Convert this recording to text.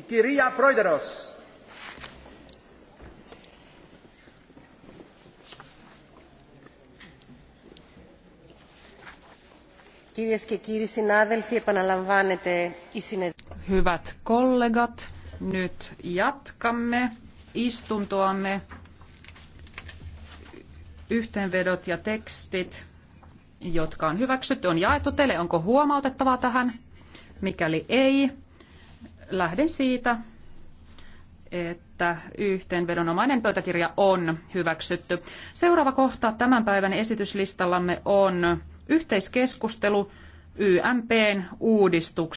κυρία Πρόεδρος. Κυρίες και κύριοι συνάδελφοι, η συνεδρία. Hyvät kollegat, nyt jatkamme istuntoamme. Yhteenvedot ja tekstit, jotka on hyväksytty, on jaettu teille. Onko huomautettavaa tähän? Mikäli ei, lähden siitä, että yhteenvedonomainen pöytäkirja on hyväksytty. Seuraava kohta tämän päivän esityslistallamme on yhteiskeskustelu YMPn uudistuksesta.